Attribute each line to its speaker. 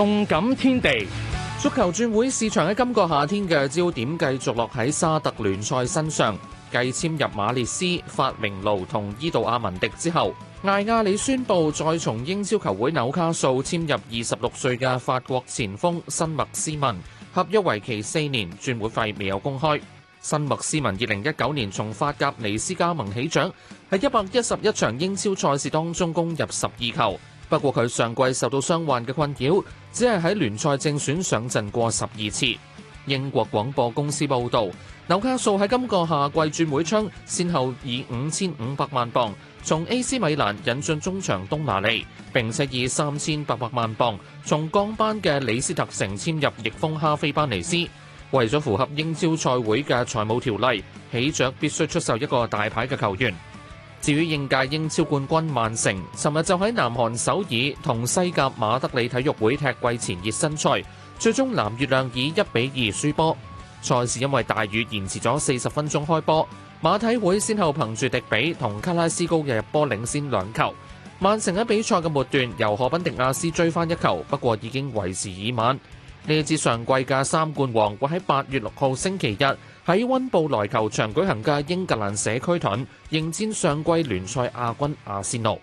Speaker 1: 動感天地，足球轉會市場喺今個夏天嘅焦點繼續落喺沙特聯賽身上。繼簽入馬列斯、法明奴同伊度亞文迪之後，艾亞里宣布再從英超球會紐卡素簽入二十六歲嘅法國前鋒辛麥斯文，合約為期四年，轉會費未有公開。辛麥斯文二零一九年從法甲尼斯加盟起獎，喺一百一十一場英超賽事當中攻入十二球。不過佢上季受到傷患嘅困擾，只係喺聯賽正選上陣過十二次。英國廣播公司報道，紐卡素喺今個夏季轉會窗，先後以五千五百萬鎊從 AC 米蘭引進中場東拿利，並且以三千八百萬鎊從降班嘅李斯特城簽入翼鋒哈菲班尼斯。為咗符合英超賽會嘅財務條例，起着必須出售一個大牌嘅球員。至於應屆英超冠軍曼城，尋日就喺南韓首爾同西甲馬德里體育會踢季前熱身賽，最終藍月亮以一比二輸波。賽事因為大雨延遲咗四十分鐘開波，馬體會先後憑住迪比同卡拉斯高嘅入波領先兩球，曼城喺比賽嘅末段由何賓迪亞斯追翻一球，不過已經為時已晚。呢支上季嘅三冠王會喺八月六號星期日喺溫布萊球場舉行嘅英格蘭社區盾，迎戰上季聯賽亞軍阿仙奴。